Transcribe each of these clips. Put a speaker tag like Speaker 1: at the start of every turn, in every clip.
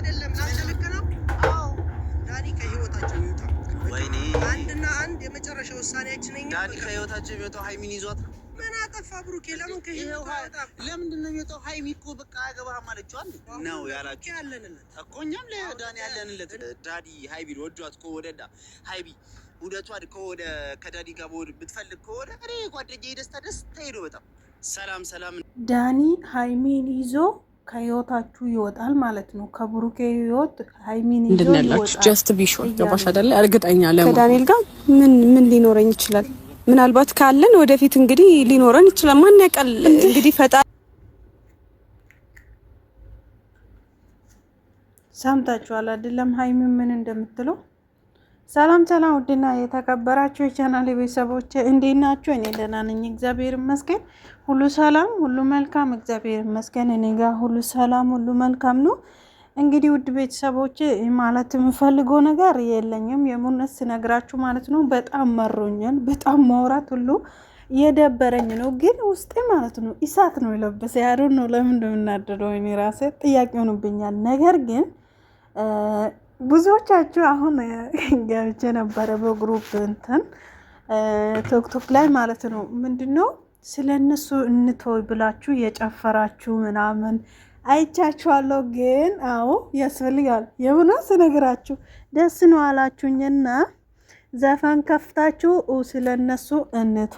Speaker 1: አይደለም ላልከለከለው። አዎ ዳኒ ከህይወታቸው ይወጣ። ወይኔ አንድና አንድ የመጨረሻ ውሳኔያችን ነው። ዳኒ ከህይወታቸው የሚወጣው ሀይሚን ይዟት ነው። ምን አጠፋ ብሩኬ? ለምን ከህይወት ለምንድን ነው የሚወጣው? ሀይሚ እኮ በቃ አያገባህም አለችው አይደል? ነው ያላችሁ ያለንለት እኮ እኛም ለዳኒ ያለንለት ዳዲ ሀይሚ ወዷት እኮ ወደዳ ሀይሚ እውነቷን ከሆነ ከዳኒ ጋር መሆን የምትፈልግ ከሆነ እኔ ጓደኛዬ ደስታ ደስታ ሄዶ በጣም ሰላም ሰላም ዳኒ ሀይሚን ይዞ ከህይወታችሁ ይወጣል ማለት ነው። ከብሩኬ ህይወት ሀይሚን እንድንላችሁ ጀስት ቢሾል ገባሽ አይደለ? እርግጠኛ ለ ከዳንኤል ጋር ምን ምን ሊኖረኝ ይችላል? ምናልባት ካለን ወደፊት እንግዲህ ሊኖረን ይችላል። ማን ያውቃል? እንግዲህ ፈጣሪ ሰምታችኋል አይደለም? ሀይሚን ምን እንደምትለው ሰላም ሰላም፣ ውድና የተከበራችሁ የቻናል ቤተሰቦች እንዴት ናችሁ? እኔ ደህና ነኝ፣ እግዚአብሔር ይመስገን። ሁሉ ሰላም፣ ሁሉ መልካም፣ እግዚአብሔር ይመስገን። እኔ ጋር ሁሉ ሰላም፣ ሁሉ መልካም ነው። እንግዲህ ውድ ቤተሰቦች ማለት የምፈልገው ነገር የለኝም፣ የሙነት ስነግራችሁ ማለት ነው። በጣም መሮኛል፣ በጣም ማውራት ሁሉ የደበረኝ ነው። ግን ውስጤ ማለት ነው እሳት ነው የለበሰ ያሉ ነው። ለምን እንደምናደደው እኔ ራሴ ጥያቄ ሆኖብኛል። ነገር ግን ብዙዎቻችሁ አሁን ገብቼ ነበረ በግሩፕ እንትን ቶክቶክ ላይ ማለት ነው። ምንድን ነው ስለ እነሱ እንቶይ ብላችሁ የጨፈራችሁ ምናምን አይቻችኋለሁ። ግን አዎ ያስፈልጋል። የሆነስ ስነግራችሁ ደስ ነው አላችሁኝና ዘፈን ከፍታችሁ ስለ እነሱ እንቶ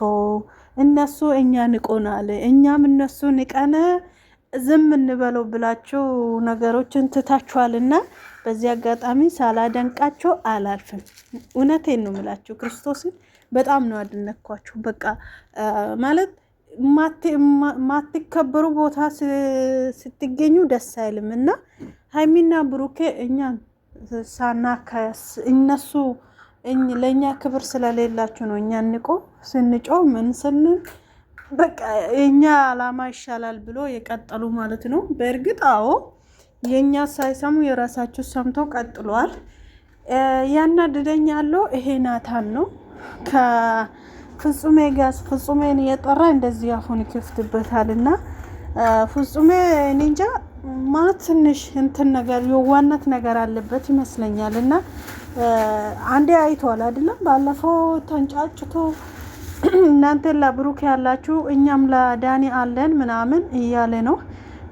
Speaker 1: እነሱ እኛ ንቆናል፣ እኛም እነሱ ንቀነ ዝም እንበለው ብላችሁ ነገሮችን ትታችኋልና በዚህ አጋጣሚ ሳላደንቃቸው አላልፍም። እውነቴን ነው ምላችሁ፣ ክርስቶስን በጣም ነው አድነኳችሁ። በቃ ማለት ማትከበሩ ቦታ ስትገኙ ደስ አይልም እና ሀይሚና ብሩኬ እኛ ሳና እነሱ ለእኛ ክብር ስለሌላችሁ ነው እኛ ንቆ ስንጮ ምን ስንል በቃ የኛ አላማ ይሻላል ብሎ የቀጠሉ ማለት ነው። በእርግጥ አዎ የእኛ ሳይሰሙ የራሳችሁ ሰምተው ቀጥሏል። ያናድደኝ ያለው ይሄ ናታን ነው። ከፍጹሜ ጋር ፍጹሜን እየጠራ እንደዚህ አፉን ይከፍትበታል እና ፍጹሜ ኒንጃ ማለት ትንሽ እንትን ነገር የዋነት ነገር አለበት ይመስለኛል እና አንዴ አይተዋል አይደለም ባለፈው ተንጫጭቶ እናንተ ለብሩክ ያላችሁ እኛም ለዳኒ አለን ምናምን እያለ ነው።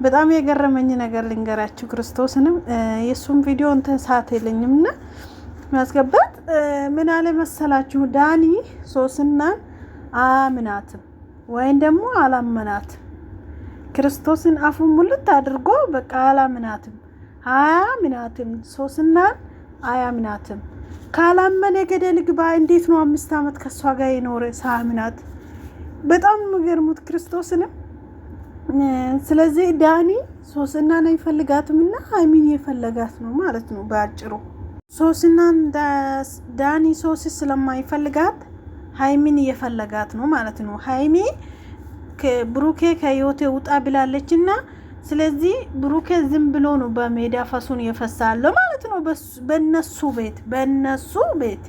Speaker 1: በጣም የገረመኝ ነገር ልንገራችሁ። ክርስቶስንም የእሱም ቪዲዮ እንትን ሰዓት የለኝም እና ማስገባት ምን አለ መሰላችሁ ዳኒ ሶስናን አምናትም ወይም ደግሞ አላመናትም። ክርስቶስን አፉን ሙልት አድርጎ በቃ አላምናትም፣ አያምናትም፣ ሶስናን አያምናትም። ካላመነ ገደል ግባ። እንዴት ነው አምስት ዓመት ከእሷ ጋር የኖረ ሳምናት በጣም የሚገርሙት ክርስቶስንም። ስለዚህ ዳኒ ሶስናን አይፈልጋትም እና ሀይሚን የፈለጋት ነው ማለት ነው በአጭሩ። ሶስናን ዳኒ ሶስ ስለማይፈልጋት ሀይሚን እየፈለጋት ነው ማለት ነው። ሀይሚ ብሩኬ ከህይወቴ ውጣ ብላለች እና ስለዚህ ብሩኬ ዝም ብሎ ነው በሜዳ ፈሱን የፈሳለ ማለት ነው። በነሱ ቤት በነሱ ቤት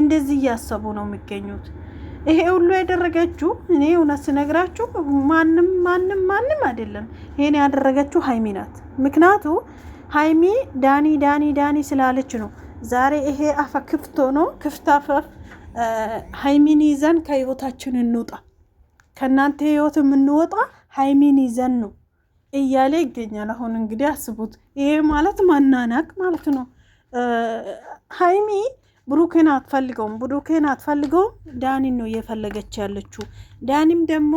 Speaker 1: እንደዚህ እያሰቡ ነው የሚገኙት። ይሄ ሁሉ ያደረገችው እኔ እውነት ስነግራችሁ ማንም ማንም ማንም አይደለም። ይሄን ያደረገችው ሀይሚ ናት። ምክንያቱ ሀይሚ ዳኒ ዳኒ ዳኒ ስላለች ነው። ዛሬ ይሄ አፈ ክፍቶ ነው ክፍት ሀይሚን ይዘን ከህይወታችን እንውጣ፣ ከእናንተ ህይወት የምንወጣ ሀይሚን ይዘን ነው እያለ ይገኛል። አሁን እንግዲህ አስቡት፣ ይሄ ማለት ማናናቅ ማለት ነው። ሀይሚ ብሩኬን አትፈልገውም፣ ብሩኬን አትፈልገውም። ዳኒን ነው እየፈለገች ያለችው። ዳኒም ደግሞ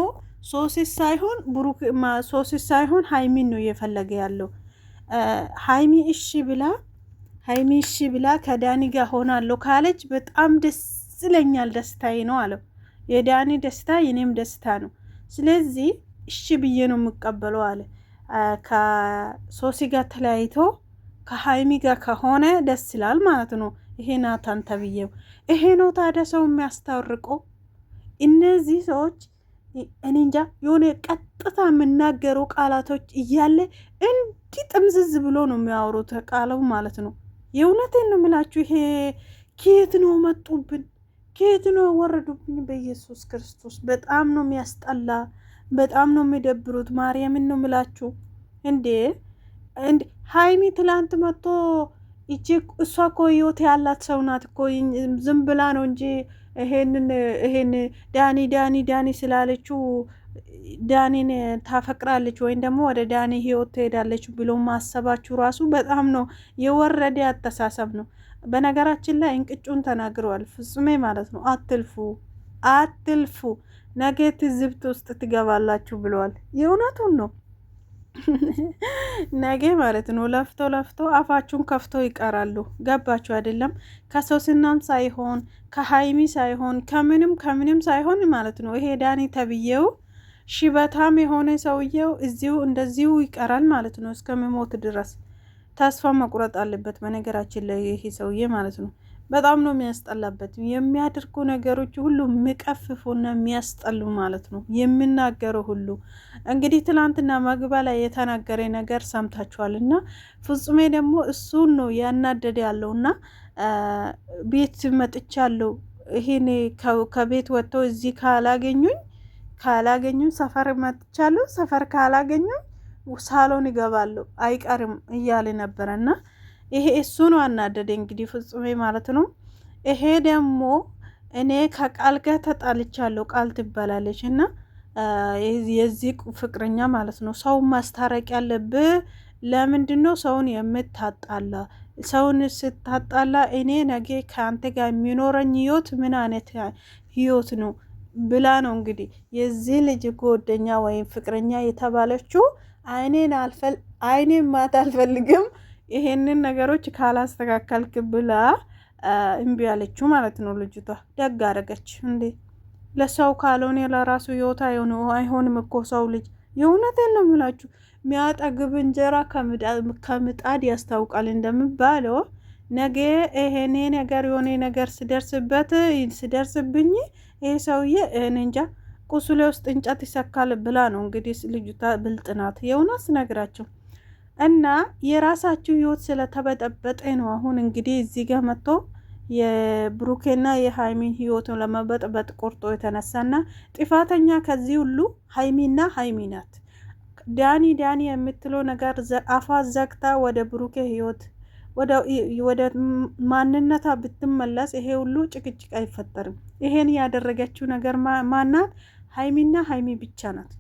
Speaker 1: ሶሲስ ሳይሆን ሶሲስ ሳይሆን ሀይሚን ነው እየፈለገ ያለው። ሀይሚ እሺ ብላ ሀይሚ እሺ ብላ ከዳኒ ጋር ሆናለሁ ካለች በጣም ደስ ይለኛል፣ ደስታዬ ነው አለው። የዳኒ ደስታ የኔም ደስታ ነው። ስለዚህ እሺ ብዬ ነው የምቀበለው አለ። ከሶሲ ጋር ተለያይቶ ከሀይሚ ጋር ከሆነ ደስ ይላል ማለት ነው። ይሄ ናታን ተብዬው ይሄ ነው ታዲያ ሰው የሚያስታርቆ እነዚህ ሰዎች እኔ እንጃ የሆነ ቀጥታ የምናገሩ ቃላቶች እያለ እንዲ ጥምዝዝ ብሎ ነው የሚያወሩት ቃለው ማለት ነው። የእውነቴን ነው የምላችሁ። ይሄ ኬት ነው መጡብን፣ ኬት ነው ወረዱብን። በኢየሱስ ክርስቶስ በጣም ነው የሚያስጠላ። በጣም ነው የሚደብሩት። ማርያምን ነው ምላችሁ እንዴ እንዴ ሀይሚ ትላንት መጥቶ እቺ እሷ እኮ ህይወት ያላት ሰው ናት እኮ ዝም ብላ ነው እንጂ ይሄንን ዳኒ ዳኒ ዳኒ ስላለችው ዳኒን ታፈቅራለች ወይም ደግሞ ወደ ዳኒ ህይወት ትሄዳለች ብሎ ማሰባችሁ ራሱ በጣም ነው የወረደ አተሳሰብ ነው። በነገራችን ላይ እንቅጩን ተናግረዋል። ፍጹሜ ማለት ነው አትልፉ። አትልፉ፣ ነገ ትዝብት ውስጥ ትገባላችሁ ብለዋል። የእውነቱን ነው። ነገ ማለት ነው ለፍቶ ለፍቶ አፋችሁን ከፍቶ ይቀራሉ። ገባችሁ አይደለም? ከሶስናም ሳይሆን ከሀይሚ ሳይሆን ከምንም ከምንም ሳይሆን ማለት ነው ይሄ ዳኒ ተብዬው ሽበታም የሆነ ሰውዬው እዚሁ እንደዚሁ ይቀራል ማለት ነው እስከሚሞት ድረስ። ተስፋ መቁረጥ አለበት በነገራችን ላይ ይሄ ሰውዬ ማለት ነው። በጣም ነው የሚያስጠላበት። የሚያደርጉ ነገሮች ሁሉ የሚቀፍፉና የሚያስጠሉ ማለት ነው የሚናገረው ሁሉ። እንግዲህ ትናንትና መግባ ላይ የተናገረ ነገር ሰምታችኋል። እና ፍጹሜ ደግሞ እሱን ነው ያናደደ ያለው እና ቤት መጥቻለሁ፣ ይሄኔ ከቤት ወጥተው እዚህ ካላገኙኝ ካላገኙኝ ሰፈር መጥቻለሁ፣ ሰፈር ካላገኙኝ ሳሎን ይገባለሁ አይቀርም እያለ ነበረ እና ይሄ እሱ ነው አናደደ። እንግዲህ ፍጹሜ ማለት ነው። ይሄ ደግሞ እኔ ከቃል ጋር ተጣልቻለሁ ቃል ትባላለች እና የዚህ ፍቅረኛ ማለት ነው። ሰው ማስታረቅ ያለብህ ለምንድን ነው ሰውን የምታጣላ? ሰውን ስታጣላ እኔ ነገ ከአንተ ጋር የሚኖረኝ ህይወት ምን አይነት ህይወት ነው ብላ ነው እንግዲህ የዚህ ልጅ ጓደኛ ወይም ፍቅረኛ የተባለችው አይኔን አይኔን አልፈልግም ይሄንን ነገሮች ካላስተካከልክ ብላ እምቢ አለችው ማለት ነው። ልጅቷ ደግ አደረገች እንዴ! ለሰው ካልሆነ ለራሱ ህይወት አይሆንም እኮ ሰው ልጅ። የእውነቴን ነው የምላችሁ ሚያጠግብ እንጀራ ከምጣድ ያስታውቃል እንደምባለው ነገ ይሄኔ ነገር የሆነ ነገር ስደርስበት ስደርስብኝ ይሄ ሰውዬ እኔ እንጃ ቁስሌ ውስጥ እንጨት ይሰካል ብላ ነው እንግዲህ ልጅቷ ብልጥናት የእውነት ስነግራቸው እና የራሳችሁ ህይወት ስለተበጠበጠ ነው። አሁን እንግዲህ እዚህ ጋር መጥቶ የብሩኬና የሀይሚን ህይወቱን ለመበጥበጥ ቆርጦ የተነሳና ጥፋተኛ ከዚህ ሁሉ ሀይሚና ሀይሚ ናት። ዳኒ ዳኒ የምትለው ነገር አፋ ዘግታ ወደ ብሩኬ ህይወት ወደ ማንነታ ብትመለስ ይሄ ሁሉ ጭቅጭቅ አይፈጠርም። ይሄን ያደረገችው ነገር ማናት? ሀይሚና ሀይሚ ብቻ ናት።